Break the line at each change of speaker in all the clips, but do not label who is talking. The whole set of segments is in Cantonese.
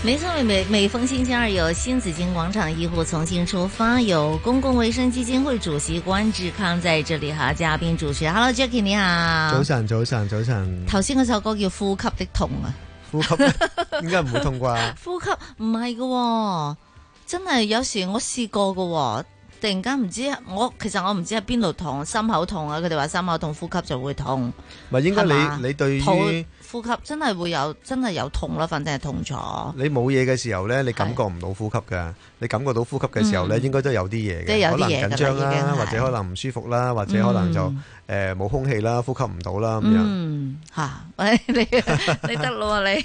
沒錯，每每每逢星期二有新紫荊廣場醫護重新出發，由公共衛生基金會主席關志康在這裏哈，嘉賓主持。Hello，Jackie，你好。早
晨，早晨，早晨。頭
先嗰首歌叫《呼吸的痛》啊，
呼吸 應該唔會痛啩？
呼吸唔係噶，真係有時我試過噶、哦，突然間唔知我其實我唔知喺邊度痛，心口痛啊，佢哋話心口痛，呼吸就會痛。
唔係應該你吧你對於。
呼吸真係會有，真係有痛啦，反正係痛楚。
你冇嘢嘅時候咧，你感覺唔到呼吸嘅，是你感覺到呼吸嘅時候咧，嗯、應該都有啲嘢嘅，有可能緊張啦，或者可能唔舒服啦，嗯、或者可能就誒冇、呃、空氣啦，呼吸唔到啦咁樣。吓，
喂，你你得咯，你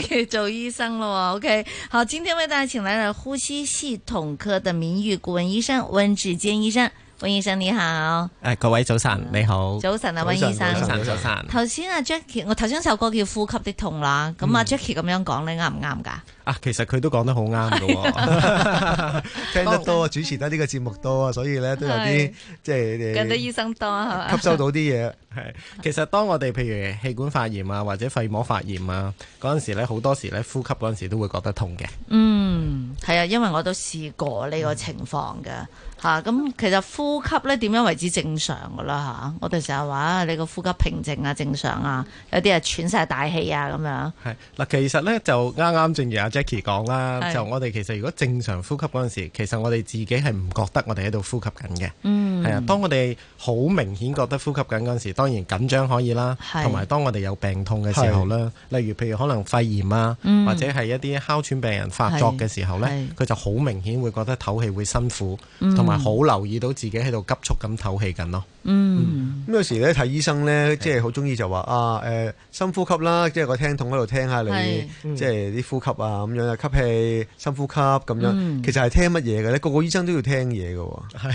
可以做醫生咯，OK。好，今天為大家請來了呼吸系統科的名譽顧問醫生溫志堅醫生。溫醫生你
好，誒各位早晨，你好，早晨啊溫醫生，早晨早晨。
頭先阿 Jackie，我頭先首歌叫《呼吸的痛》啦，咁啊 Jackie 咁樣講你啱唔啱噶？
啊，其實佢都講得好啱噶，聽得多主持得呢個節目多，所以咧都有啲即係，咁多醫
生多，係咪？吸收
到啲嘢係。其實當我哋譬如氣管發炎啊，
或者肺膜發炎啊，嗰陣時咧，好多時咧呼吸嗰陣時都會覺得痛嘅。
嗯，係啊，因為我都試過呢個情況噶。嚇咁、啊，其實呼吸咧點樣為之正常㗎啦嚇？我哋成日話你個呼吸平靜啊，正常啊，有啲啊喘晒大氣啊咁樣。
係嗱，其實咧就啱啱正如阿、啊、Jacky 講啦，是就我哋其實如果正常呼吸嗰陣時，其實我哋自己係唔覺得我哋喺度呼吸緊嘅。嗯。啊，當我哋好明顯覺得呼吸緊嗰陣時，當然緊張可以啦。同埋是當我哋有病痛嘅時候啦，是例如譬如可能肺炎啊，嗯、或者係一啲哮喘病人發作嘅時候咧，佢就好明顯會覺得唞氣會辛苦，同埋，好留意到自己喺度急速咁
透氣緊咯。嗯，咁有時咧睇醫生咧，即係好中意就話啊，誒，深呼吸啦，即係個聽筒喺度聽下你，即係啲呼吸啊，咁樣吸氣、深呼吸咁樣。其實係聽乜嘢嘅咧，個個醫生都要聽嘢嘅，係，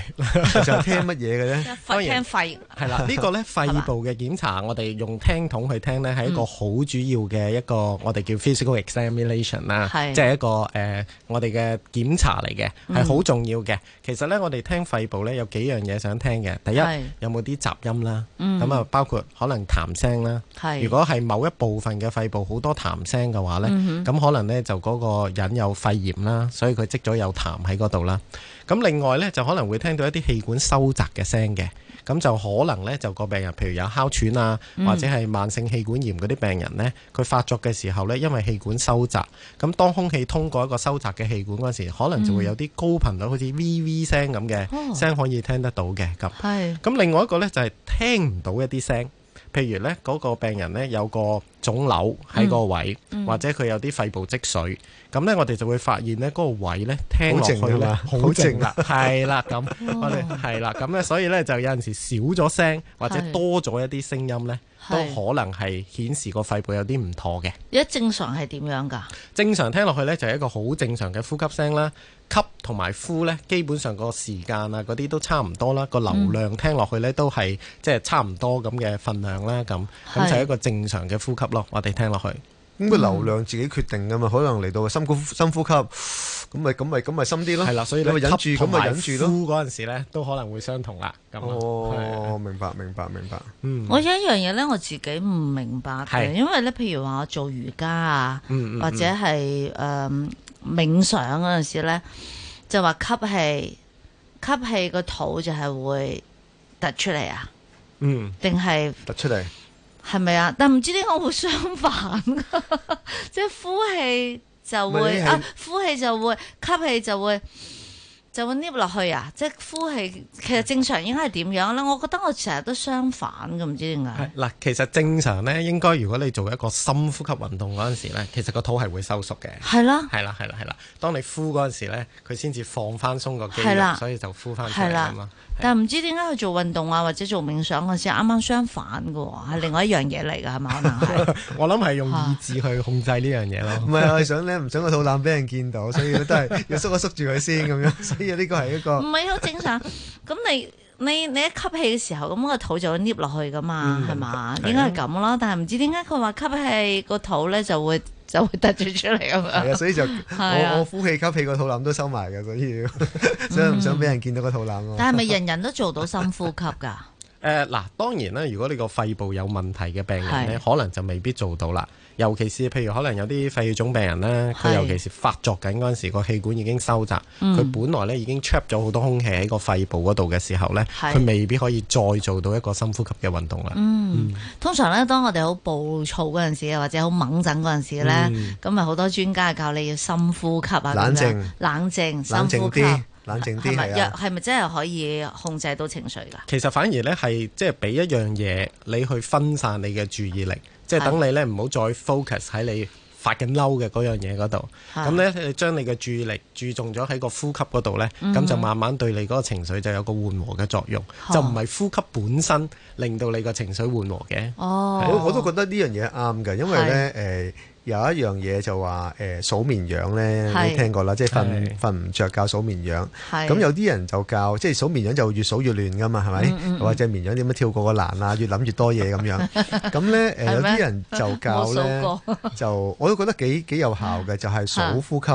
其實係聽乜嘢
嘅咧？
當然聽肺，
係啦，呢個咧肺部嘅檢查，我哋用聽筒去聽咧，係一個好主要嘅一個我哋叫 physical examination 啦，即係一個誒我哋嘅檢查嚟嘅，係好重要嘅。其實咧我哋聽肺部咧有幾樣嘢想聽嘅，第一。有冇啲雜音啦？咁啊，包括可能痰聲啦。如果係某一部分嘅肺部好多痰聲嘅話呢，咁可能呢就嗰個人有肺炎啦，所以佢積咗有痰喺嗰度啦。咁另外呢就可能會聽到一啲氣管收窄嘅聲嘅。咁就可能呢，就個病人譬如有哮喘啊，或者係慢性氣管炎嗰啲病人呢，佢發作嘅時候呢，因為氣管收窄，咁當空氣通過一個收窄嘅氣管嗰陣時，可能就會有啲高頻率，好似 v v 聲咁嘅聲可以聽得到嘅咁。係。咁另外一個呢就係聽唔到一啲聲，譬如呢嗰個病人呢有個腫瘤喺個位，或者佢有啲肺部積水，咁呢我哋就會發現呢嗰個位呢聽落去呢好靜噶，係啦咁，我哋係啦咁呢，所以呢就有陣時少咗聲或者多咗一啲聲音呢，都可能係顯示個肺部有啲唔妥嘅。而家正常係點樣㗎？正常聽落去呢就係一個好正常嘅呼吸聲啦，吸同埋呼呢基本上個時間啊嗰啲都差唔多啦，個流量聽落去呢都係即係差唔多咁嘅份量啦，咁咁就係一個正常嘅呼吸
啦。我哋聽落去，
咁個流
量自己決定噶嘛，可能嚟到深呼深呼吸，咁咪咁咪咁咪深啲咯。係啦，所以你吸同埋呼
嗰陣時咧，都可能會相同啦。咁
哦，我明白，明白，明白。嗯，
我有一樣嘢咧，我自己唔明白嘅，因為咧，譬如話我做瑜伽啊，或者係誒冥想嗰陣時咧，就話吸氣，吸氣個肚就係會突出嚟啊，
嗯，定係突出嚟。
係咪啊？但唔知點解會相反， 即係呼氣就會是啊，呼氣就會吸氣就會就會捏落去啊！即係呼氣的，其實正常應該係點樣咧？我覺得我成日都相反嘅，唔知點解。
嗱，其實正常咧，應該如果你做一個深呼吸運動嗰陣時咧，其實個肚係會收縮嘅。係啦的，係啦，係啦，係啦。當你呼嗰陣時咧，佢先至放翻鬆個肌肉，的所以就呼翻出嚟啊嘛。的
但係唔知點解去做運動啊，或者做冥想時，好似啱啱相反嘅，係另外一樣嘢嚟嘅，係嘛？可能
係。 我諗係用意志去控制呢樣嘢咯。唔係， 我想咧，唔想個肚腩俾人見到，所以都係要縮一縮住佢先咁樣。所以呢個係一個唔係好正常。咁你
你你一吸氣嘅時候，咁、那個肚就會捏落去噶嘛，係嘛、嗯？應該係咁咯。但係唔知點解佢話吸氣個肚咧就會。就會凸住出嚟嘛，係啊，所以就 我我
呼氣吸氣個肚腩都收埋㗎，所以 所以唔想俾人見到個肚腩咯、嗯。 但係咪人
人都做到深呼吸噶？
誒，嗱、呃，當然啦，如果你個肺部有問題嘅病人咧，是可能就未必做到啦。尤其是譬如可能有啲肺氣腫病人咧，佢是尤其是發作緊嗰陣時，個氣管已經收窄，佢、嗯、本來咧已經 trap 咗好多空氣喺個肺部嗰度嘅時候咧，佢是未必可以再做到一個深呼吸嘅運動啦。嗯，
嗯通常咧，當我哋好暴躁嗰陣時，或者好猛震嗰陣時咧，咁咪好多專家教你要深呼吸啊，冷靜靜，冷靜，深呼吸。
冷靜啲係啊！
係咪真係可以控制到情緒㗎？
其實反而呢，係即係俾一樣嘢你去分散你嘅注意力，的即係等你呢唔好再 focus 喺你發緊嬲嘅嗰樣嘢嗰度。咁呢的，將你嘅注意力注重咗喺個呼吸嗰度呢，咁、嗯、哼就慢慢對你嗰個情緒就有個緩和嘅作用，哦、就唔
係呼吸本身令到你個情緒緩和嘅。哦，的我我都覺得呢樣嘢啱嘅，因為呢，誒的。有一樣嘢就話誒數綿羊咧，你聽過啦，即係瞓瞓唔著覺數綿羊。咁有啲人就教，即係數綿羊就越數越亂噶嘛，係咪？或者綿羊點樣跳過個欄啊？越諗越多嘢咁樣。咁咧誒，有啲人就教咧，就我都覺得幾幾有效嘅，就係數呼吸。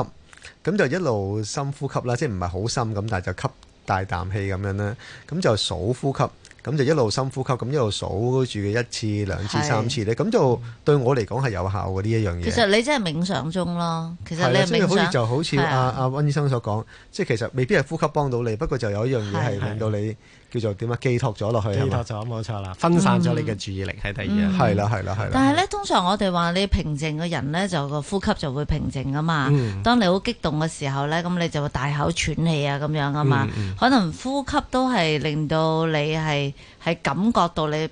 咁就一路深呼吸啦，即係唔係好深咁，但係就吸大啖氣咁樣啦。咁就數呼吸。咁就一路深呼吸，咁一路數住嘅一次、兩次、三次咧，咁就對我嚟講係有效嘅呢一樣嘢。其實你
真係冥想中咯，其實你好似就
好似阿阿溫醫生所講，即係其實未必係呼吸幫到你，不過就有一樣嘢係令到你叫做點啊寄託咗落去啊，寄託咗。冇錯啦，分散咗你嘅注意力喺第二樣嘢。係啦，係啦，係啦。但係
咧，通常我哋話你平靜嘅人咧，就個呼吸就會平靜㗎嘛。當你好激動嘅時候咧，咁你就會大口喘氣啊咁樣㗎嘛。可能呼吸都係令到你係。係感覺到你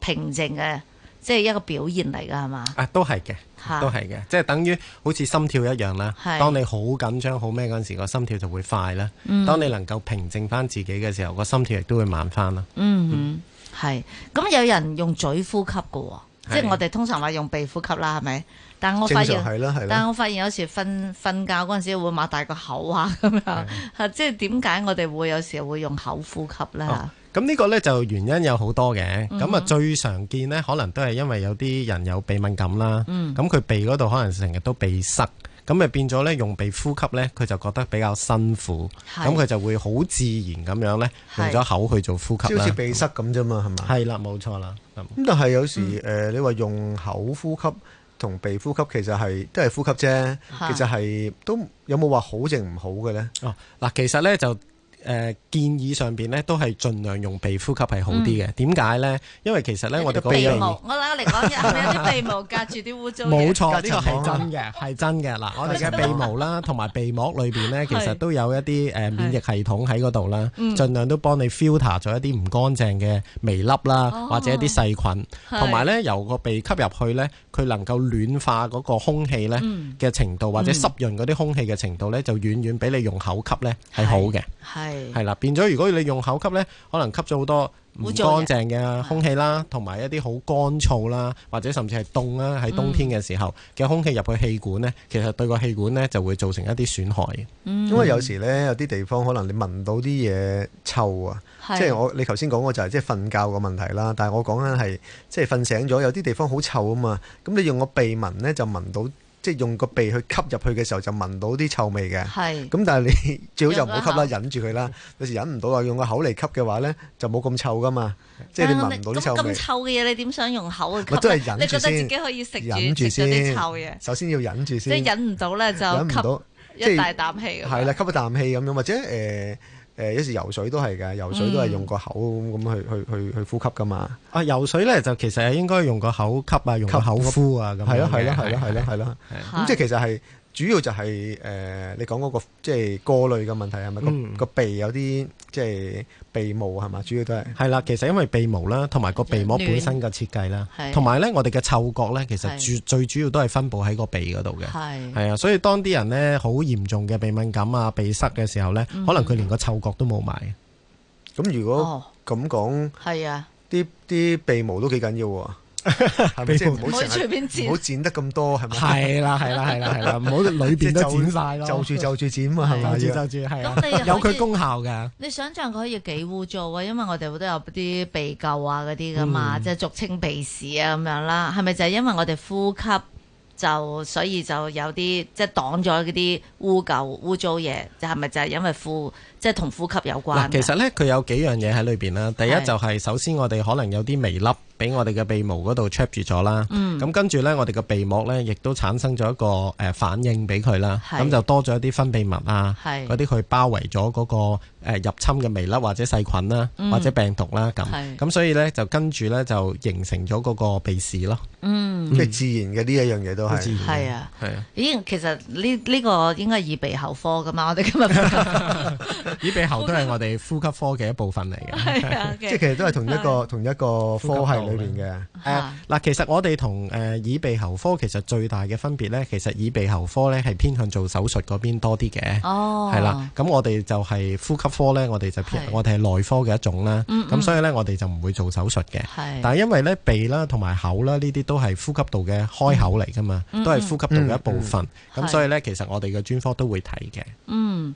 平靜嘅，即係一個表現嚟噶，係嘛？
啊，都係嘅，都係嘅，即係等於好似心跳一樣啦。係，當你好緊張好咩嗰陣時，個心跳就會快啦。嗯，當你能夠平靜翻自己嘅時候，個心跳亦都會慢翻啦。嗯，係。
咁有人用嘴呼吸噶，即係我哋通常話用鼻呼吸啦，係咪？但我發現，但我發現有時瞓瞓覺嗰陣時會擘大個口啊，咁 樣 是 即係點解我哋會有時候會用口呼吸呢？啊
咁呢個呢，就原因有好多嘅，咁啊、嗯、哼最常見呢，可能都係因為有啲人有鼻敏感啦，咁佢、嗯、鼻嗰度可能成日都鼻塞，咁咪變咗呢，用鼻呼吸呢，佢就覺得比較辛苦，咁佢是就會好自然咁樣呢，用咗口去做呼吸，好似是鼻
塞咁啫嘛，係咪、嗯？係啦，冇錯啦。咁但係有時誒、嗯呃，你話用口呼吸同鼻呼吸其實係都係呼吸啫，其實係都有冇話好定
唔好嘅呢？哦，嗱，其實、嗯、其實呢就。哦。誒，建議上邊咧都係盡量用鼻呼吸係好啲嘅。點解咧？因為其實咧，我哋鼻毛，我攞嚟講有啲鼻
毛隔住
啲污糟嘢，冇錯，呢個係真嘅，係真嘅。嗱，我哋嘅鼻毛啦，同埋鼻膜裏邊咧，其實都有一啲誒免疫系統喺嗰度啦，盡量都幫你 filter 咗一啲唔乾淨嘅微粒啦，或者一啲細菌，同埋咧由個鼻吸入去咧，佢能夠暖化嗰個空氣咧嘅程度，或者濕潤嗰啲空氣嘅程度咧，就遠遠比你用口吸咧係好嘅。係，係啦，變咗如果你用口吸呢，可能吸咗好多唔乾淨嘅空氣啦，同埋一啲好乾燥啦，或者甚至係凍啦。喺冬天嘅時候嘅空氣入去氣管呢，其實對個氣管呢就會造成一啲損害，
嗯、因為有時呢，有啲地方可能你聞到啲嘢臭啊的，即係我你頭先講過就係即係瞓覺個問題啦。但係我講緊係即係瞓醒咗，有啲地方好臭啊嘛。咁你用個鼻聞呢，就聞到。即係用個鼻去吸入去嘅時候，就聞到啲臭味嘅。係是。咁但係你最好就唔好吸啦，忍住佢啦。有時忍唔到啊，用個口嚟吸嘅話咧，就冇咁臭噶嘛。你即係你聞唔到啲臭味。咁臭
嘅嘢，你點想用口去吸咧？你覺得自己可以食住嗰啲臭嘢？
首先要忍住先。即係忍
唔到咧就吸一大啖氣。係
啦，吸一啖氣咁樣，或者誒。呃誒，有時、呃、游水都係㗎，游水都係用個口咁去、嗯、去去去呼吸㗎嘛。啊，游水咧就其實係應該用個口吸啊，用個口呼啊，咁係咯係咯係咯係咯係咯，咁即係其實係。主要就係、是、誒、呃，你講嗰、那個即係過濾嘅問題係咪、嗯、個，個鼻有啲即係鼻毛係嘛？主要都係係
啦，其實因為鼻毛啦，同埋個鼻膜本身嘅設計啦，同埋咧我哋嘅嗅覺咧，其實最是最主要都係分布喺個鼻嗰度嘅。係啊是，所以當啲人咧好嚴重嘅鼻敏感啊、鼻塞嘅時候咧，可能佢連個嗅覺都冇埋。
咁、嗯、如果
咁講
係啊，
啲啲鼻毛都幾緊要喎。
唔好隨便剪，
唔好剪得咁多，係咪？係啦， 係啦，係啦，係啦，唔好裏邊都剪晒咯，就住就住剪嘛，係咪？就住就住，係。咁你有佢功效噶？
你想象佢可以幾污糟啊？因為我哋都有啲鼻垢啊，嗰啲噶嘛，即係俗稱鼻屎啊咁樣啦。係咪就係因為我哋呼吸就所以就有啲即係擋咗嗰啲污垢、污糟嘢？就係咪就係因為呼？即係同呼吸有關，其實
咧，佢有幾樣嘢喺裏邊啦。第一就係首先我哋可能有啲微粒俾我哋嘅鼻毛嗰度 check 住咗啦。嗯，咁跟住咧我哋嘅鼻膜咧亦都產生咗一個誒反應俾佢啦。咁就多咗一啲分泌物啊，嗰啲去包圍咗嗰個誒入侵嘅微粒或者細菌啦，或者病毒啦咁。咁所以咧就跟住咧就形成咗嗰個鼻屎咯。嗯，即係自然嘅呢一樣嘢都係，係啊
係啊。咦，其實呢呢個應該係耳鼻喉科噶嘛？我哋今日。
耳鼻喉都係我哋呼吸科嘅一部分嚟嘅，即係其實都係同一個同一個科系裏邊嘅。誒，嗱，其實我哋同誒耳鼻喉科其實最大嘅分別咧，其實耳鼻喉科咧係偏向做手術嗰邊多啲嘅。
哦，係啦，
咁我哋就係呼吸科咧，我哋就偏我哋係內科嘅一種啦。嗯，咁所以咧，我哋就唔會做手術嘅。係，但係因為咧鼻啦同埋口啦呢啲都係呼吸道嘅開口嚟噶嘛，都係呼吸道嘅一部分。咁所以咧，其實我哋嘅專科都會睇嘅。嗯。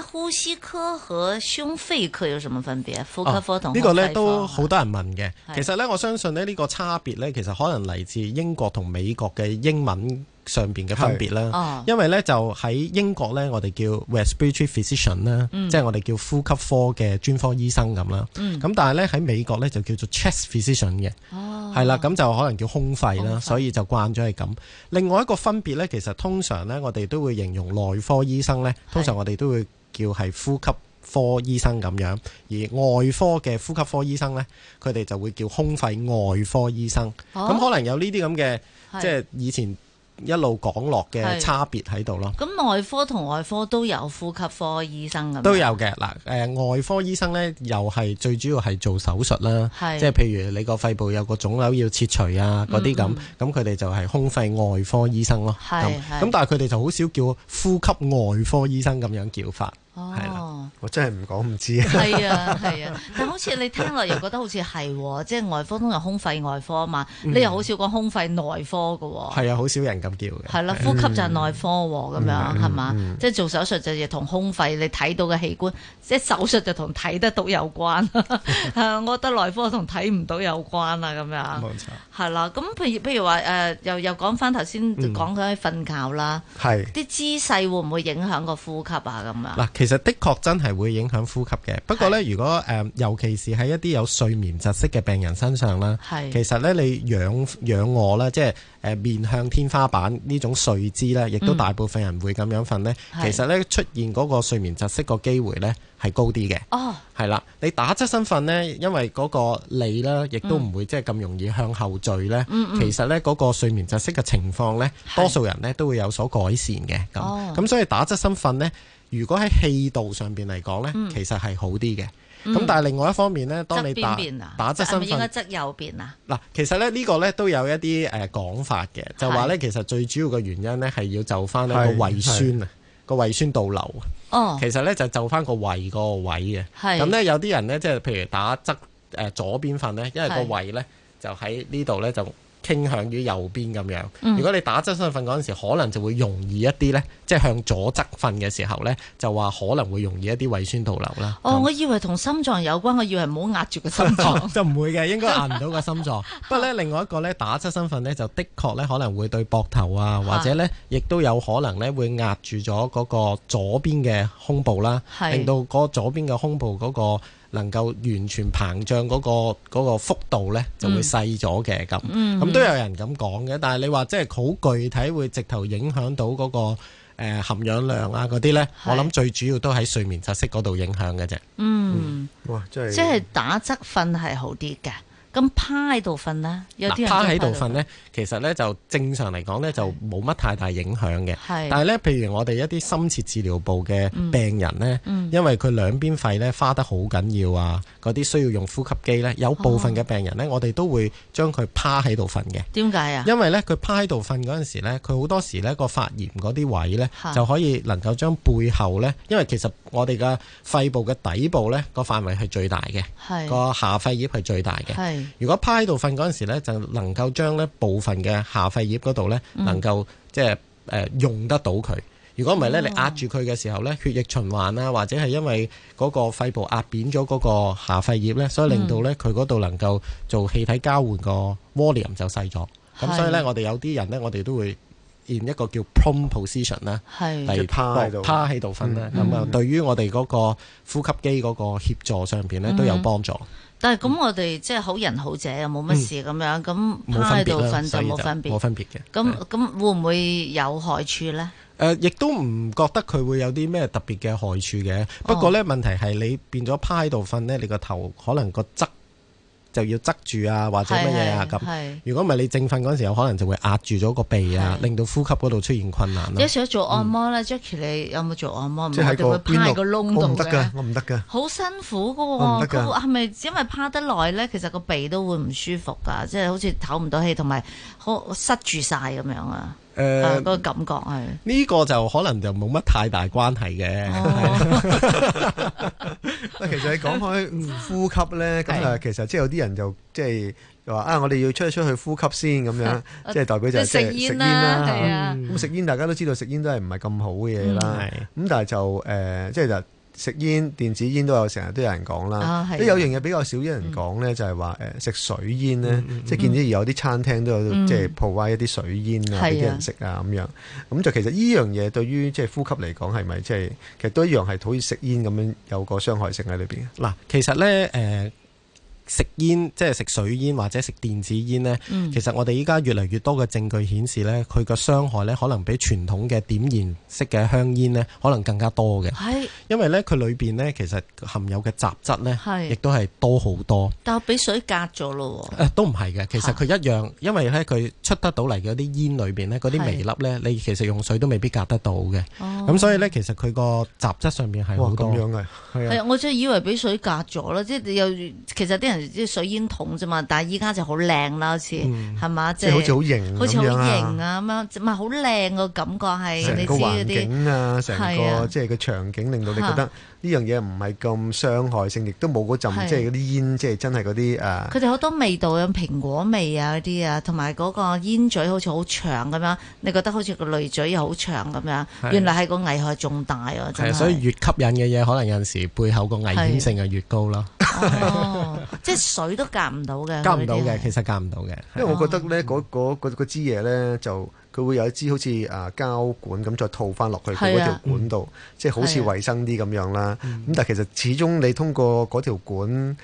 呼吸科和胸肺科有什麼分別？呼吸科同呢個咧都
好多人問嘅。其實咧，我相信咧呢個差別咧，其實可能嚟自英國同美國嘅英文上邊嘅分別啦。因為咧就喺英國咧，我哋叫 respiratory physician 啦，即係我哋叫呼吸科嘅專科醫生咁啦。嗯，咁但係咧喺美國咧就叫做 chest physician 嘅。哦，係啦，咁就可能叫胸肺啦，所以就慣咗係咁。另外一個分別咧，其實通常咧我哋都會形容內科醫生咧，通常我哋都會。叫係呼吸科醫生咁樣，而外科嘅呼吸科醫生呢，佢哋就會叫胸肺外科醫生。咁、哦、可能有呢啲咁嘅，係即係以前。一路講落嘅差別喺度咯。
咁內科同外科都有呼吸科醫生㗎。都有
嘅嗱，誒、呃、外科醫生咧又係最主要係做手術啦，是即係譬如你個肺部有個腫瘤要切除啊嗰啲咁，咁佢哋就係胸肺外科醫生咯。咁咁是但係佢哋就好少叫呼吸外科醫生咁樣
叫法。哦，我真係唔講唔知啊！係啊係
啊，
但好似你聽落又覺得好似係，即外科通常胸肺外科啊嘛，你又好少講胸肺內科嘅喎。係
啊，好少人咁叫嘅。係啦，呼吸就係內
科喎，咁樣係嘛？即做手術就係同胸肺你睇到嘅器官，即手術就同睇得到有關。我覺得內科同睇唔到有關啦，咁樣。冇錯。係啦，咁譬如譬如話誒，又又講翻頭先講佢瞓覺啦，啲姿勢會唔會影響個呼吸啊？咁啊嗱，
其實的確真係會影響呼吸嘅，不過呢，如果誒、呃，尤其是喺一啲有睡眠窒息嘅病人身上啦，是其實呢，你仰仰臥啦，即係誒、呃、面向天花板呢種睡姿啦，亦都大部分人會咁樣瞓呢、嗯、其實呢，出現嗰個睡眠窒息個機會呢，係高啲嘅。哦，係啦，你打側身瞓呢，因為嗰個脷呢，亦都唔會即係咁容易向後墜呢。嗯嗯、其實呢，嗰、那個睡眠窒息嘅情況呢，是多數人呢都會有所改善嘅。哦，咁所以打側身瞓呢。如果喺氣道上邊嚟講呢，嗯、其實係好啲嘅。咁、嗯、但係另外一方面呢，當你打側邊邊、啊、打側身，係咪應該
側右邊啊？
嗱，其實咧呢個呢都有一啲誒講法嘅，是就話呢，其實最主要嘅原因呢係要就翻呢個胃酸啊，個胃酸倒流啊。哦、其實呢，就就翻個胃個位嘅。咁呢是，有啲人呢，即係譬如打側誒左邊瞓呢，因為個胃呢，就喺呢度呢，就。傾向於右邊咁樣，如果你打側身瞓嗰陣時，可能就會容易一啲呢，即係向左側瞓嘅時候呢，就話可能會容易一啲胃酸倒流啦。哦，那我以為同心臟有關，我以為唔好壓住個心臟，就唔會嘅，應該壓唔到個心臟。不過呢，另外一個呢，打側身瞓呢，就的確呢可能會對膊頭啊，或者呢，亦都有可能呢，會壓住咗嗰個左邊嘅胸部啦，的令到嗰左邊嘅胸部嗰、那個。能夠完全膨脹嗰、嗰個嗰個幅度呢，就會細咗嘅咁。咁、嗯、都有人咁講嘅，但係你話即係好具體會直頭影響到嗰、嗰個、呃、含氧量啊嗰啲呢，是我諗最主要都喺睡眠窒息嗰度影響嘅啫。嗯，
嗯
哇，就是、即係
打側瞓係好啲嘅。咁趴喺度瞓呢？有啲人趴喺度瞓呢，
其實呢，就正常嚟講呢，就冇乜太大影響嘅。是但係呢，譬如我哋一啲深切治療部嘅病人呢，嗯嗯、因為佢兩邊肺呢，花得好緊要啊，嗰啲需要用呼吸機呢，有部分嘅病人呢，哦、我哋都會將佢趴喺度瞓嘅。點解啊？因為呢，佢趴喺度瞓嗰陣時呢，佢好多時呢個發炎嗰啲位呢，是就可以能夠將背後呢，因為其實我哋嘅肺部嘅底部呢，個範圍係最大嘅，個下肺葉係最大嘅。是是如果趴喺度瞓嗰陣時咧，就能夠將呢部分嘅下肺葉嗰度咧，能夠即係誒用得到佢。如果唔係咧，你壓住佢嘅時候咧，血液循環啦，或者係因為嗰個肺部壓扁咗嗰個下肺葉咧，所以令到咧佢嗰度能夠做氣體交換個 volume 就細咗。咁是 所以咧，我哋有啲人咧，我哋都會用一個叫 prone position 啦是，嚟，趴趴喺度瞓咧。咁啊，嗯嗯、對於我哋嗰個呼吸機嗰個協助上邊咧，都有幫助。
但係咁，我哋即係好人好者又冇乜事咁樣，咁趴喺度瞓就冇分別。冇分別嘅。咁咁咁、嗯、會唔會有害處咧？
誒、呃，亦都唔覺得佢會有啲咩特別嘅害處嘅。不過咧，哦、問題係你變咗趴喺度瞓咧，你個頭可能個側。就要側住啊，或者乜嘢啊咁。如果唔係你正瞓嗰陣時候，有可能就會壓住咗個鼻啊，的令到呼吸嗰度出現困難啦。有時的、嗯、
做按摩咧，Jackie 你有冇做按摩？嗯、即係個趴個窿度嘅。
我唔得㗎。
好辛苦㗎喎、哦。係咪因為趴得耐咧？其實個鼻都會唔舒服㗎，即、就、係、是、好似唞唔到氣，同埋好塞住晒咁樣啊。
誒，嗰、uh, 個感覺係呢個就可能就冇乜太大關係嘅。
其實你講開呼吸咧，咁啊，其實即係有啲人就即係話啊，我哋要出一出去呼吸先咁樣，即係代表就係、 食煙啦，係啊。咁食煙大家都知道食煙都係唔係咁好嘅嘢啦。咁、 嗯、但係就誒，即係就。呃就係食煙、電子煙都有成日都有人講啦，即、啊啊、有樣嘢比較少有人講咧，嗯、就係話誒食水煙咧，嗯嗯、即係見到有啲餐廳都有即係鋪開一啲水煙啊，俾啲人食啊咁樣。咁就其實呢樣嘢對於即係呼吸嚟講係咪即係其實都一樣係好似食煙咁樣有個傷害性喺裏邊？嗱，其實咧誒。呃
食煙即係食水煙或者食電子煙呢。嗯、其實我哋依家越嚟越多嘅證據顯示呢佢個傷害呢可能比傳統嘅點燃式嘅香煙呢可能更加多嘅。是因為呢，佢裏邊呢其實含有嘅雜質呢亦都係多好多。
但係俾水隔咗咯喎。
都唔係嘅，其實佢一樣，因為呢，佢出得到嚟嗰啲煙裏邊呢嗰啲微粒呢，你其實用水都未必隔得到嘅。咁是、嗯、所以呢，其實佢個雜質上面係好多。哇，咁樣嘅。係啊。係
啊，我真係以為俾水隔咗啦，即係有其實啲人。啲水煙筒啫嘛，但係依家就好靚啦，好似係嘛，即係好似好
型，好似好型啊
咁樣，唔係好靚個感覺係，成個環境
啊，成個即係個場景令到你覺得呢樣嘢唔係咁傷害性，亦都冇嗰陣即係嗰啲煙，即係真係嗰啲誒。佢哋
好多味道有蘋果味啊嗰啲啊，同埋嗰個煙嘴好似好長咁樣，你覺得好似個濾嘴又好長咁樣，原來係個危害仲大啊！係，所以
越吸引嘅嘢，可能有陣時背後個危險性係越高咯。
哦，即係水都夾唔到嘅，夾唔到嘅，
其實夾唔到嘅，
因為我覺得呢嗰支嘢呢，就佢會有一支好似啊膠管咁再套翻落去嗰條管度，即係好似衛生啲咁樣啦。咁但係其實始終你通過嗰條管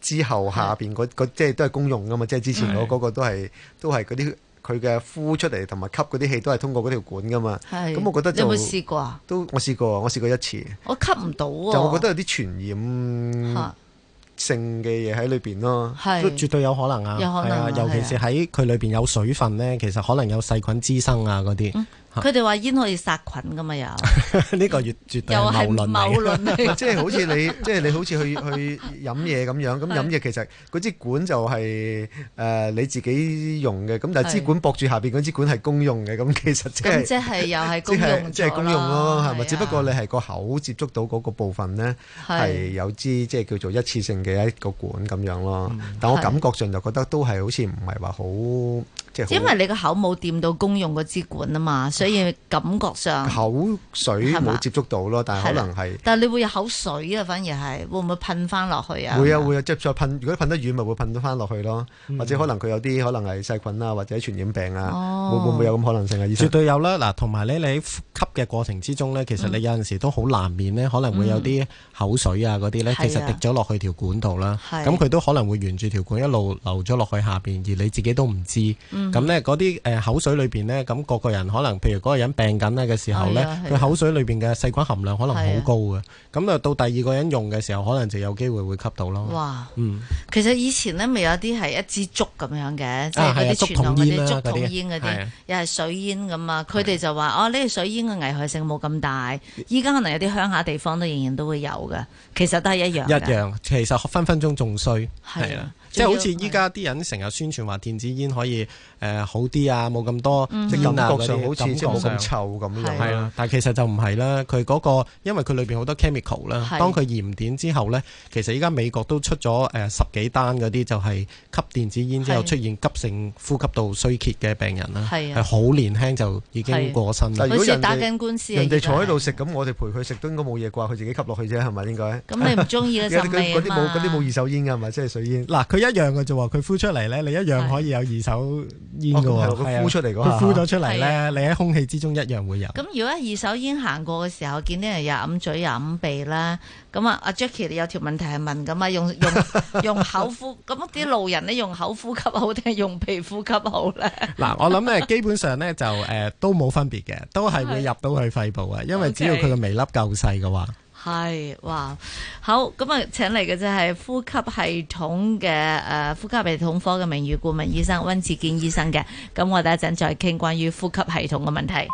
之後下邊嗰嗰即係都係公用噶嘛，即係之前嗰個都係都係啲佢嘅呼出嚟同埋吸嗰啲氣都係通過嗰條管噶嘛。咁我覺得有冇試過啊？都我試過，我試過一次。
我吸唔到，就我覺
得有啲傳染性嘅嘢喺裏邊咯，
都是絕對有可能，有可能啊，係啊，尤其是喺佢裏邊有水分呢，是啊，其實可能有細菌
滋生啊嗰啲。嗯佢哋
話煙可以殺菌噶嘛？又
呢 個越絕對係謬論嚟，即係好似你， 即係你好似去去飲嘢咁樣。咁飲嘢其實嗰支管就係、是、誒、呃、你自己用嘅，咁但係支管駁住下邊嗰支管係公用嘅。咁其實即係即係又係公用，即係、就是、公用咯，係咪？是啊，只不過你係個口接觸到嗰個部分咧，係是、啊、有支即係叫做一次性嘅一個管咁樣咯。嗯，但我感覺上就覺得都係好似唔係話好。因為你個
口冇掂到公用個支管啊嘛，所以感覺上口
水冇接觸到咯，吧但係可能係，
但係你會有口水啊，反而係會唔會噴翻落去啊？會啊會啊，是
是會即係再噴，如果噴得遠咪會噴到翻落去咯，嗯、或者可能佢有啲可能係細菌啊或者傳染病啊，嗯、會唔會，會有咁可能性啊？哦、絕
對有啦，嗱，同埋咧你喺吸嘅過程之中咧，其實你有陣時都好難免咧，可能會有啲口水啊嗰啲咧，嗯、其實滴咗落去條管度啦，咁佢、啊、都可能會沿住條管一路流咗落去下邊，而你自己都唔知。嗯咁咧嗰啲誒口水裏邊咧，咁個個人可能譬如嗰個人病緊咧嘅時候咧，佢、啊啊、口水裏邊嘅細菌含量可能好高嘅。咁啊到第二個人用嘅時候，可能就有機會會吸到咯。哇！嗯，其實以
前咧咪有啲係一支竹咁樣嘅，即係嗰啲竹筒、嗰啲竹筒煙嗰啲，啊、又係水煙咁啊。佢哋就話哦，呢個水煙嘅危害性冇咁大。依家可能有啲鄉下地方都仍然都會有嘅，其實都係一樣一樣，
其實分分鐘仲衰。係啊。即係好似依家啲人成日宣傳話電子煙可以誒、呃、好啲啊，冇咁多煙即啊感，、嗯嗯、感覺上好似即冇咁臭咁樣咯。啊啊、但係其實就唔係啦，佢嗰、嗰個因為佢裏邊好多 chemical 啦、啊。當佢燃點之後咧，其實依家美國都出咗誒十幾單嗰啲就係吸電子煙之後出現急性呼吸道衰竭嘅病人啦。係好、啊
啊、年輕就已經過身啦。好似、啊、打緊官司、啊、人哋坐喺度食，咁我哋陪佢食都應該冇嘢啩？佢自己吸落去啫係咪應該？咁你唔中意嘅口味啊啲冇嗰啲冇二手煙係咪即係水煙嗱
佢。一樣嘅啫喎，佢呼出嚟咧，你一樣可以有二手煙㗎喎。佢呼、哦、對出嚟嘅話，佢呼咗出嚟咧，的你喺空氣之中一樣會有。
咁如果係二手煙行過嘅時候，見啲人又揞嘴又揞鼻啦，咁啊阿 Jackie，你有條問題係問噶嘛？用用用口呼，咁啲 路人咧用口呼吸好定係用鼻呼吸好咧？
嗱， 我諗咧，基本上咧就誒都冇分別嘅，都係會入到佢肺部嘅，因為只要佢嘅微粒夠細嘅話。
係，哇，好，咁啊，請嚟嘅就係呼吸系統嘅誒、呃，呼吸系統科嘅名譽顧問醫生溫志堅醫生嘅，咁我等一陣再傾關於呼吸系統嘅問題。